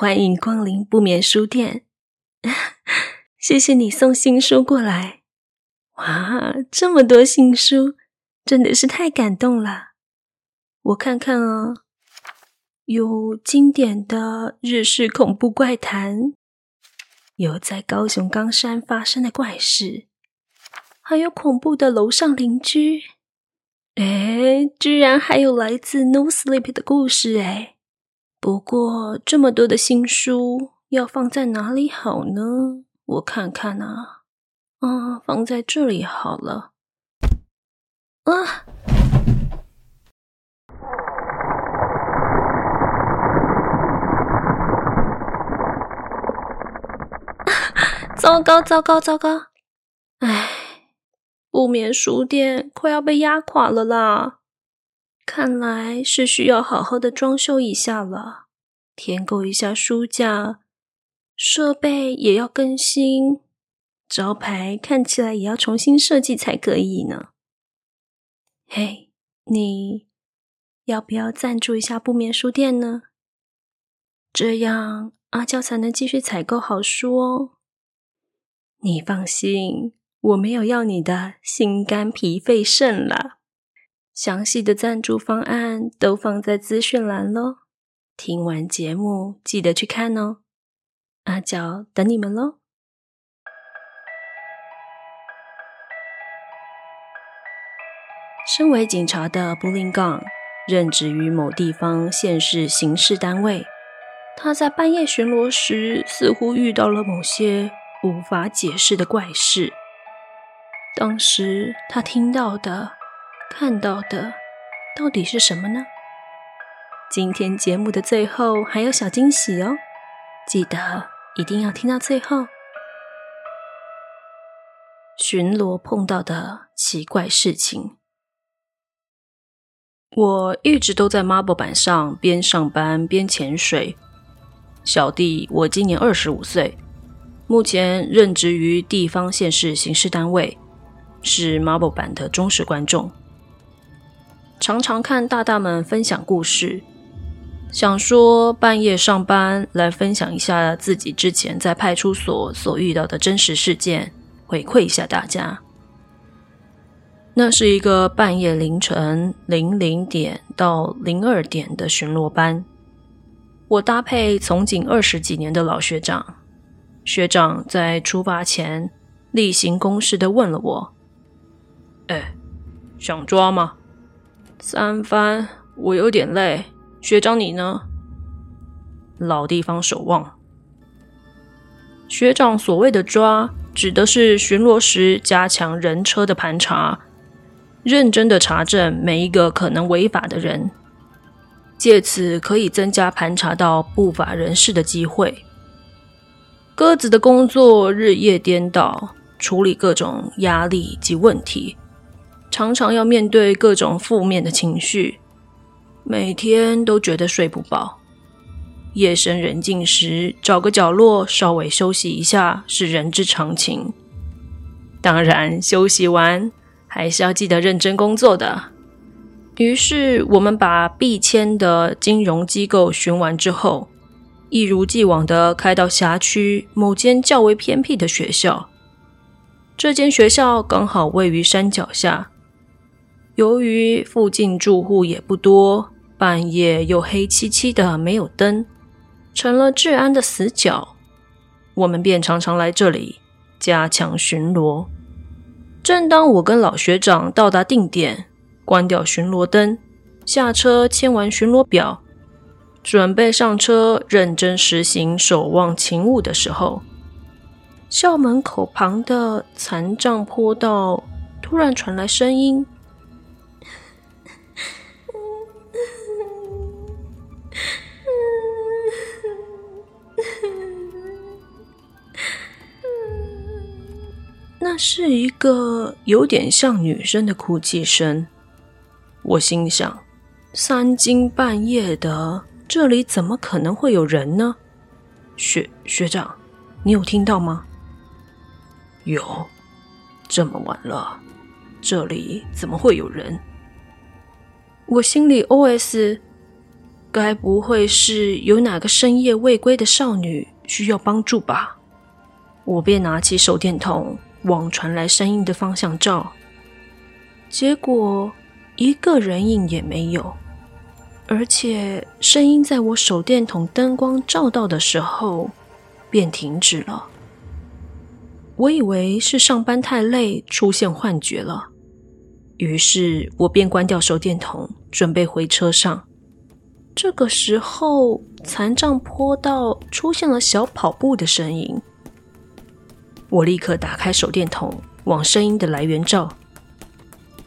歡迎光臨不眠書店， 謝謝你送新書過來，哇，這麼多新書，真的是太感動了！我看看啊、哦，有經典的日式恐怖怪談，有在高雄岡山發生的怪事，還有恐怖的樓上鄰居，誒，居然還有來自 No Sleep 的故事誒，誒不過這麼多的新書要放在哪裡好呢？我看看啊，啊，放在這裡好了。啊！糟糕糟糕糟糕！哎，不眠書店快要被壓垮了啦！看來是需要好好的裝修一下了，添購一下書架，設備也要更新，招牌看起來也要重新設計才可以呢。嘿，Hey，你要不要贊助一下不眠書店呢？這樣阿焦才能繼續採購好書哦。你放心，我沒有要你的心肝脾肺腎了。詳細的贊助方案都放在資訊欄嘍。聽完節目記得去看哦。阿焦等你們嘍。身為警察的不拎 Gun，任職於某地方縣市刑事單位。他在半夜巡邏時，似乎遇到了某些無法解釋的怪事。當時他聽到的。看到的到底是什麼呢？今天節目的最後還有小驚喜哦，記得一定要聽到最後。巡邏碰到的奇怪事情，我一直都在 Marvel 板上邊上班邊潛水。小弟，我今年二十五歲，目前任職於地方縣市刑事單位，是 Marvel 板的忠實觀眾。常常看大大們分享故事，想說半夜上班來分享一下自己之前在派出所所遇到的真實事件，回饋一下大家。那是一個半夜凌晨零零點到零二點的巡邏班，我搭配從警二十幾年的老學長，學長在出發前例行公事的問了我：“哎，想抓嗎？”三番，我有點累。學長，你呢？老地方守望。學長所謂的“抓”，指的是巡邏時加強人車的盤查，認真的查證每一個可能違法的人，借此可以增加盤查到不法人士的機會。鴿子的工作日夜顛倒，處理各種壓力及問題。常常要面對各種負面的情緒，每天都覺得睡不飽。夜深人靜時，找個角落稍微休息一下是人之常情。當然，休息完還是要記得認真工作的。於是，我們把必簽的金融機構巡完之後，一如既往地開到轄區某間較為偏僻的學校。這間學校剛好位於山腳下。由於附近住戶也不多，半夜又黑漆漆的，沒有燈，成了治安的死角。我們便常常來這裡加強巡邏。正當我跟老學長到達定點，關掉巡邏燈，下車簽完巡邏表，準備上車認真實行守望勤務的時候，校門口旁的殘障坡道突然傳來聲音。那是一個有點像女生的哭泣聲，我心想：三更半夜的，這裡怎麼可能會有人呢？學學長，你有聽到嗎？有，這麼晚了，這裡怎麼會有人？我心裡 OS：該不會是有哪個深夜未歸的少女需要幫助吧？我便拿起手電筒。往傳來聲音的方向照，結果一個人影也沒有，而且聲音在我手電筒燈光照到的時候便停止了。我以為是上班太累出現幻覺了，於是我便關掉手電筒，準備回車上。這個時候，殘障坡道出現了小跑步的聲音。我立刻打開手電筒，往聲音的來源照，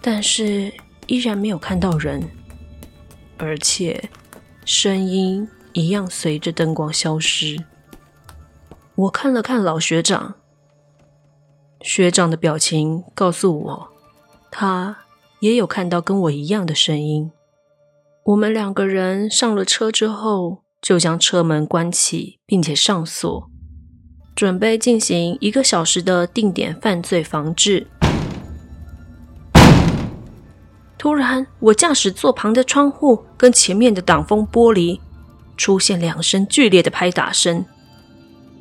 但是依然沒有看到人，而且聲音一樣隨着燈光消失。我看了看老學長，學長的表情告訴我，他也有看到跟我一樣的聲音。我們兩個人上了車之後，就將車門關起並且上鎖。準備進行一個小時的定點犯罪防治。突然，我駕駛座旁的窗戶跟前面的擋風玻璃出現兩聲劇烈的拍打聲。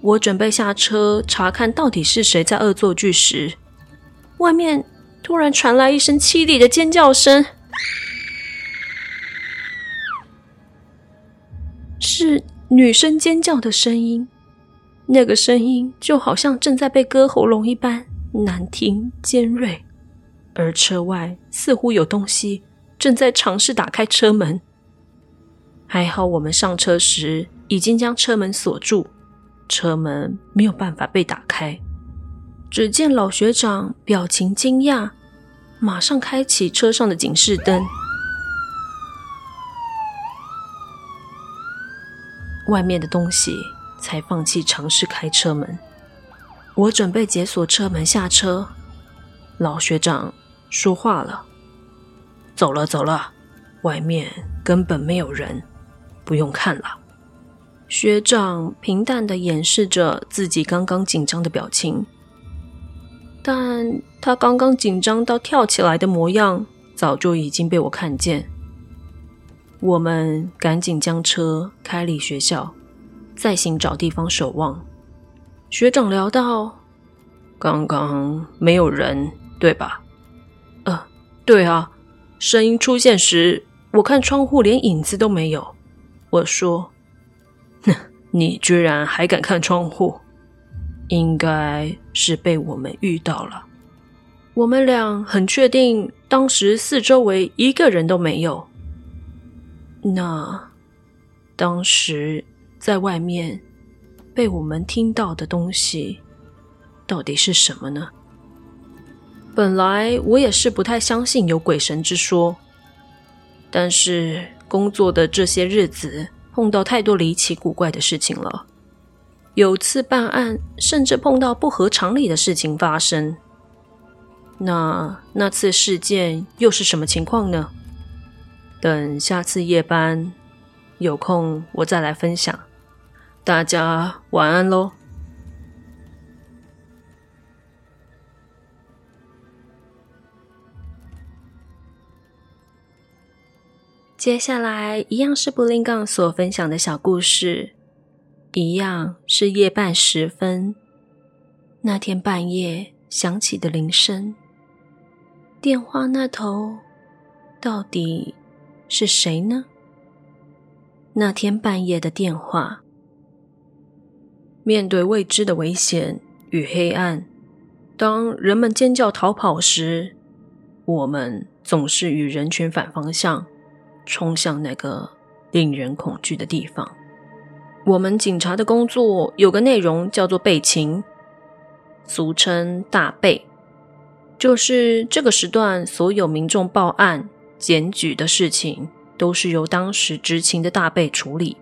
我準備下車查看到底是誰在惡作劇時，外面突然傳來一聲淒厲的尖叫聲，是女生尖叫的聲音。那個聲音就好像正在被割喉嚨一般難聽尖銳，而車外似乎有東西正在嘗試打開車門。還好我們上車時已經將車門鎖住，車門沒有辦法被打開。只見老學長表情驚訝，馬上開啟車上的警示燈。外面的東西。才放棄嘗試開車門。我準備解鎖車門下車，老學長說話了：“走了走了，外面根本沒有人，不用看了。”學長平淡地掩飾着自己剛剛緊張的表情，但他剛剛緊張到跳起來的模樣早就已經被我看見。我們趕緊將車開離學校。再行找地方守望，學長聊到，剛剛沒有人對吧？呃、啊，對啊。聲音出現時，我看窗戶連影子都沒有。我說哼：“你居然還敢看窗戶？應該是被我們遇到了。我們倆很確定，當時四周圍一個人都沒有。那當時……”在外面被我們聽到的東西，到底是什麼呢？本來我也是不太相信有鬼神之說，但是工作的這些日子碰到太多離奇古怪的事情了。有次辦案，甚至碰到不合常理的事情發生。那那次事件又是什麼情況呢？等下次夜班，有空我再來分享。大家晚安嘍。接下來一樣是不拎 Gun 所分享的小故事，一樣是夜半時分，那天半夜響起的鈴聲。電話那頭到底是誰呢？那天半夜的電話。面對未知的危險與黑暗，當人們尖叫逃跑時，我們總是與人群反方向衝向那個令人恐懼的地方。我們警察的工作有個內容叫做備勤，俗稱大備，就是這個時段所有民眾報案檢舉的事情，都是由當時執勤的大備處理。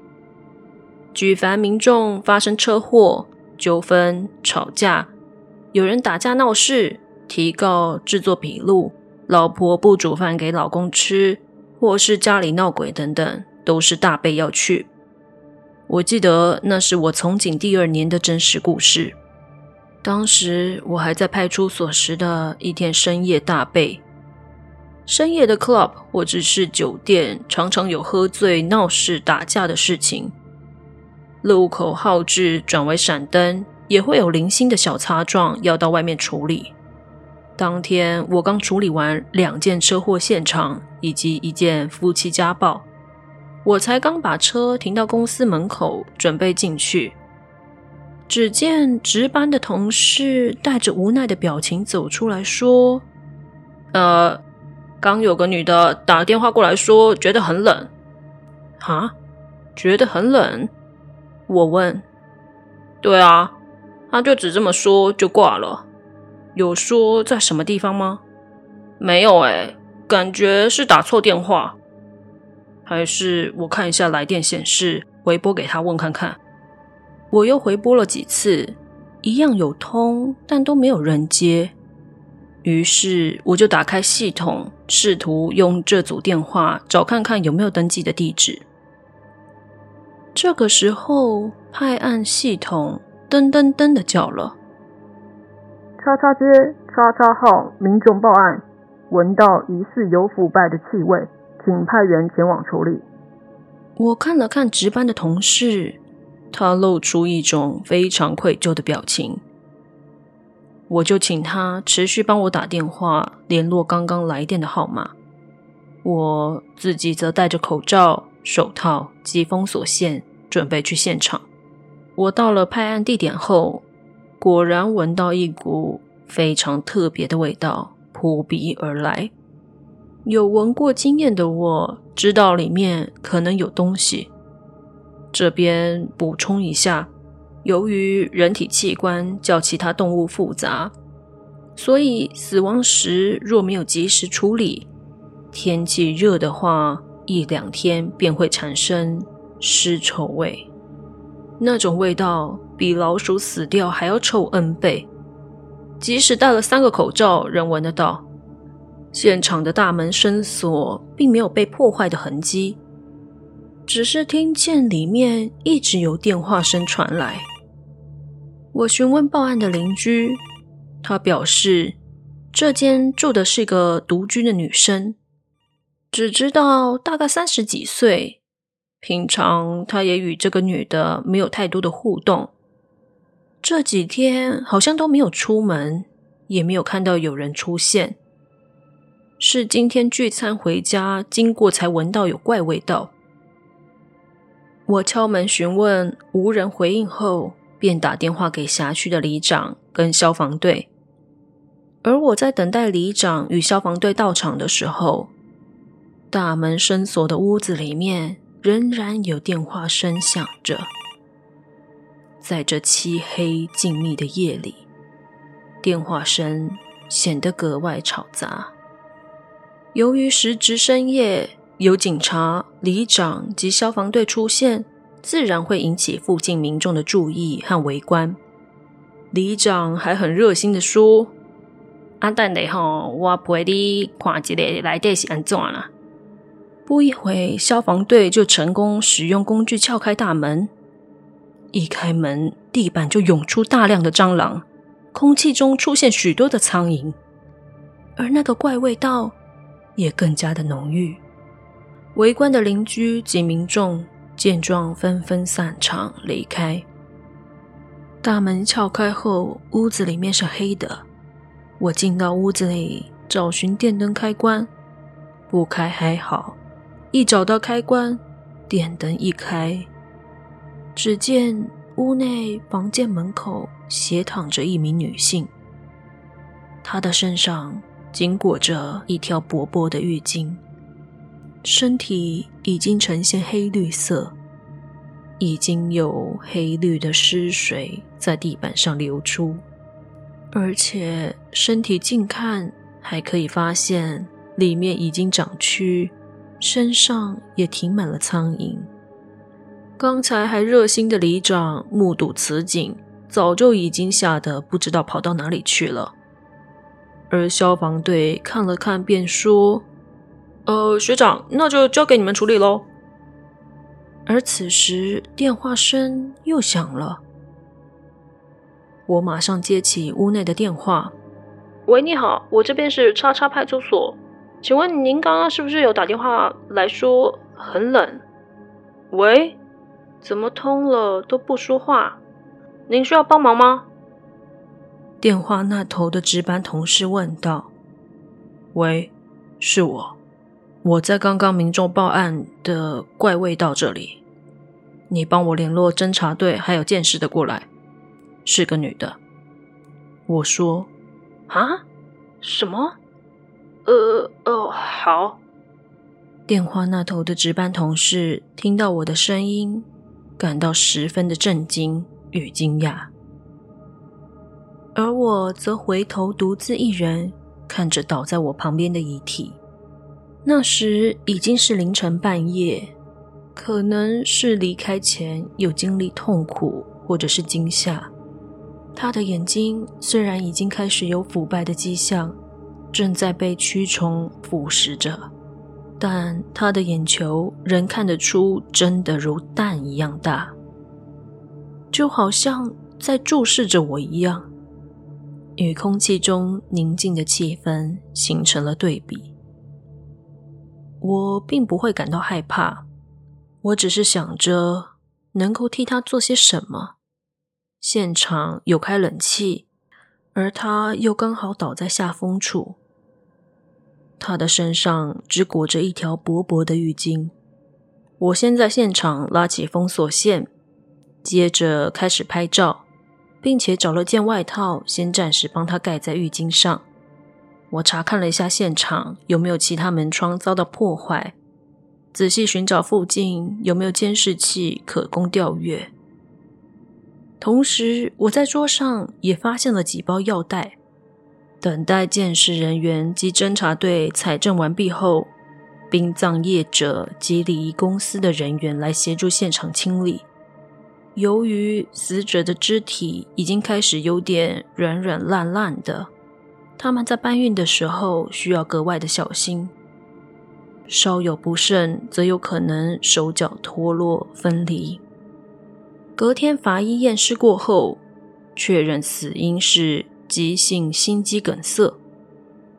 舉凡民眾發生車禍、糾紛、吵架，有人打架鬧事、提告、製作筆錄，老婆不煮飯給老公吃，或是家裡鬧鬼等等，都是大備要去。我記得那是我從警第二年的真實故事，當時我還在派出所時的一天深夜大備。深夜的 club 或者是酒店，常常有喝醉鬧事、打架的事情。路口號誌轉為閃燈，也會有零星的小擦撞，要到外面處理。當天我剛處理完兩件車禍現場以及一件夫妻家暴，我才剛把車停到公司門口，準備進去，只見值班的同事帶着無奈的表情走出來說：“呃，剛有個女的打電話過來說覺得很冷，啊，覺得很冷。”我問：“對啊，他就只這麼說就掛了，有說在什麼地方嗎？沒有誒，感覺是打錯電話，還是我看一下來電顯示，回撥給他問看看。”我又回撥了幾次，一樣有通，但都沒有人接。於是我就打開系統，試圖用這組電話找看看有沒有登記的地址。這個時候，派案系統噔噔噔的叫了。叉叉街叉叉號民眾報案，聞到疑似有腐敗的氣味，請派員前往處理。我看了看值班的同事，他露出一種非常愧疚的表情。我就請他持續幫我打電話聯絡剛剛來電的號碼，我自己則戴着口罩、手套及封鎖線。準備去現場。我到了派案地點後，果然聞到一股非常特別的味道，撲鼻而來。有聞過經驗的我，知道裡面可能有東西。這邊補充一下，由於人體器官較其他動物複雜，所以死亡時若沒有及時處理，天氣熱的話，一兩天便會產生。屍臭味，那種味道比老鼠死掉還要臭 N 倍。即使戴了三個口罩，仍聞得到。現場的大門深鎖，並沒有被破壞的痕跡，只是聽見裡面一直有電話聲傳來。我詢問報案的鄰居，他表示這間住的是一個獨居的女生，只知道大概三十幾歲。平常他也與這個女的沒有太多的互動，這幾天好像都沒有出門，也沒有看到有人出現。是今天聚餐回家經過才聞到有怪味道。我敲門詢問，無人回應後，便打電話給轄區的里長跟消防隊。而我在等待里長與消防隊到場的時候，大門深鎖的屋子裡面，仍然有電話聲響着，在這漆黑靜謐的夜裡，電話聲顯得格外吵雜。由於時值深夜，有警察、里長及消防隊出現，自然會引起附近民眾的注意和圍觀。里長還很熱心的說：“阿蛋的吼，我陪你看一個來電是安怎了。”不一會，消防隊就成功使用工具撬開大門。一開門，地板就湧出大量的蟑螂，空氣中出現許多的蒼蠅，而那個怪味道也更加的濃郁。圍觀的鄰居及民眾見狀，紛紛散場離開。大門撬開後，屋子裡面是黑的。我進到屋子裡找尋電燈開關，不開還好。一找到開關，電燈一開，只見屋內房間門口斜躺着一名女性，她的身上緊裹着一條薄薄的浴巾，身體已經呈現黑綠色，已經有黑綠的屍水在地板上流出，而且身體近看還可以發現裡面已經長蛆。身上也停滿了蒼蠅。剛才還熱心的里長目睹此景，早就已經嚇得不知道跑到哪裡去了。而消防隊看了看，便說：“呃，學長，那就交給你們處理嘍。”而此時電話聲又響了，我馬上接起屋內的電話：“喂，你好，我這邊是叉叉派出所。”請問您剛剛是不是有打電話來說很冷？喂，怎麼通了都不說話？您需要幫忙嗎？電話那頭的值班同事問道：“喂，是我，我在剛剛民眾報案的怪味道這裡，你幫我聯絡偵查隊還有鑑識的過來，是個女的。”我說：“啊，什麼？”呃，哦，好。電話那頭的值班同事聽到我的聲音，感到十分的震驚與驚訝。而我則回頭獨自一人看着倒在我旁邊的遺體。那時已經是凌晨半夜，可能是離開前有經歷痛苦或者是驚嚇。他的眼睛雖然已經開始有腐敗的跡象。正在被蛆蟲腐蝕着，但他的眼球仍看得出，真的如蛋一樣大，就好像在注視着我一樣，與空氣中寧靜的氣氛形成了對比。我並不會感到害怕，我只是想着能夠替他做些什麼。現場有開冷氣。而他又剛好倒在下風處，他的身上只裹着一條薄薄的浴巾。我先在現場拉起封鎖線，接着開始拍照，並且找了件外套先暫時幫他蓋在浴巾上。我查看了一下現場有沒有其他門窗遭到破壞，仔細尋找附近有沒有監視器可供調閱。同時，我在桌上也發現了幾包藥袋。等待鑑識人員及偵查隊採證完畢後，殯葬業者及禮儀公司的人員來協助現場清理。由於死者的肢體已經開始有點軟軟爛爛的，他們在搬運的時候需要格外的小心，稍有不慎，則有可能手腳脫落分離。隔天法醫驗屍過後，確認死因是急性心肌梗塞。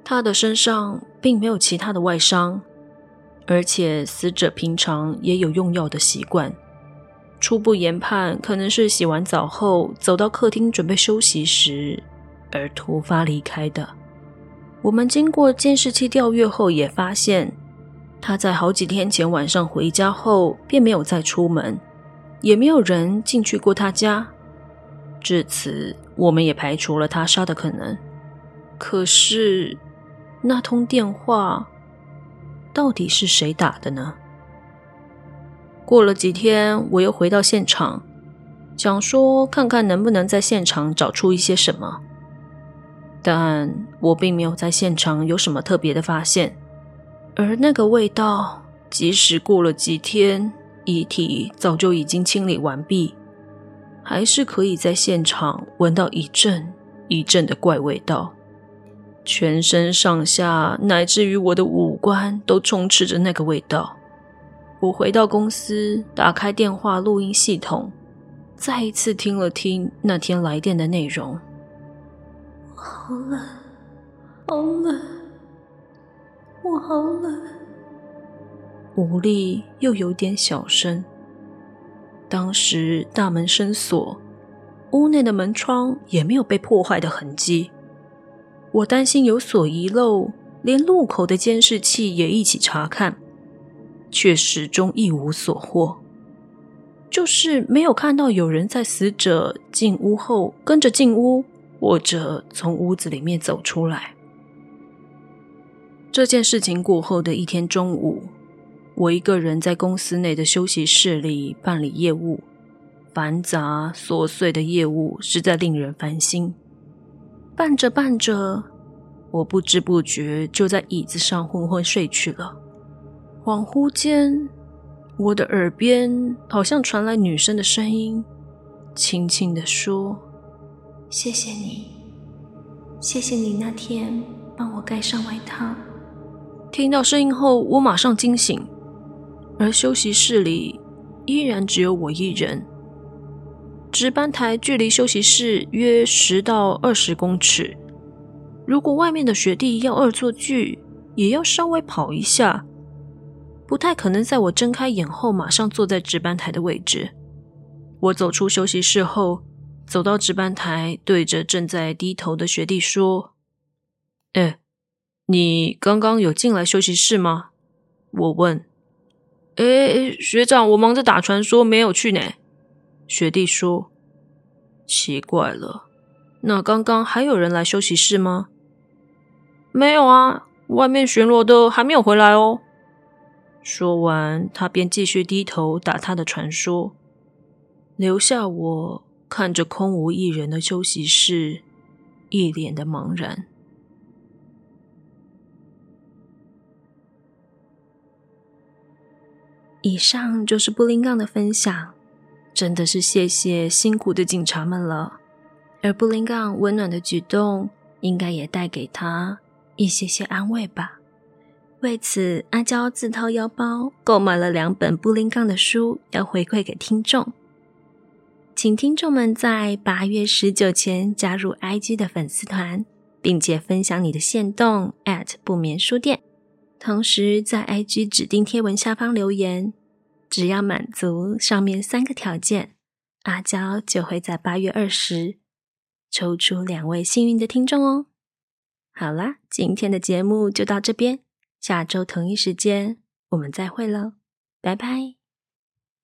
他的身上並沒有其他的外傷，而且死者平常也有用藥的習慣。初步研判，可能是洗完澡後走到客廳準備休息時，而突發離開的。我們經過監視器調閱後，也發現他在好幾天前晚上回家後便沒有再出門。也沒有人進去過他家，至此我們也排除了他殺的可能。可是那通電話到底是誰打的呢？過了幾天，我又回到現場，想說看看能不能在現場找出一些什麼，但我並沒有在現場有什麼特別的發現。而那個味道，即使過了幾天。遺體早就已經清理完畢，還是可以在現場聞到一陣一陣的怪味道，全身上下乃至於我的五官都充斥着那個味道。我回到公司，打開電話錄音系統，再一次聽了聽那天來電的內容。我好冷，好冷，我好冷。無力又有點小聲。當時大門深鎖，屋內的門窗也沒有被破壞的痕跡。我擔心有所遺漏，連路口的監視器也一起查看，卻始終一無所獲，就是沒有看到有人在死者進屋後跟着進屋，或者從屋子裡面走出來。這件事情過後的一天中午。我一個人在公司內的休息室裡辦理業務，繁雜瑣碎的業務實在令人煩心。辦着辦着，我不知不覺就在椅子上昏昏睡去了。恍惚間，我的耳邊好像傳來女生的聲音，輕輕地說：“謝謝你，謝謝你那天幫我蓋上外套。”聽到聲音後，我馬上驚醒。而休息室裡依然只有我一人。值班台距離休息室約十到二十公尺。如果外面的學弟要惡作劇，也要稍微跑一下，不太可能在我睜開眼後馬上坐在值班台的位置。我走出休息室後，走到值班台，對着正在低頭的學弟說：“哎，你剛剛有進來休息室嗎？”我問。哎哎，學長，我忙着打傳說，沒有去呢。學弟說：“奇怪了，那剛剛還有人來休息室嗎？”“沒有啊，外面巡邏的還沒有回來哦。”說完，他便繼續低頭打他的傳說，留下我看着空無一人的休息室，一臉的茫然。以上就是不拎 Gun 的分享，真的是謝謝辛苦的警察們了。而不拎 Gun 溫暖的舉動，應該也帶給他一些些安慰吧。為此，阿焦自掏腰包購買了兩本不拎 Gun 的書，要回饋給聽眾。請聽眾們在八月十九前加入 IG 的粉絲團，並且分享你的限動@不眠書店。同時在 IG 指定貼文下方留言，只要滿足上面三個條件，阿焦就會在八月二十抽出兩位幸運的聽眾哦。好啦，今天的節目就到這邊，下周同一時間我們再會嘍，拜拜。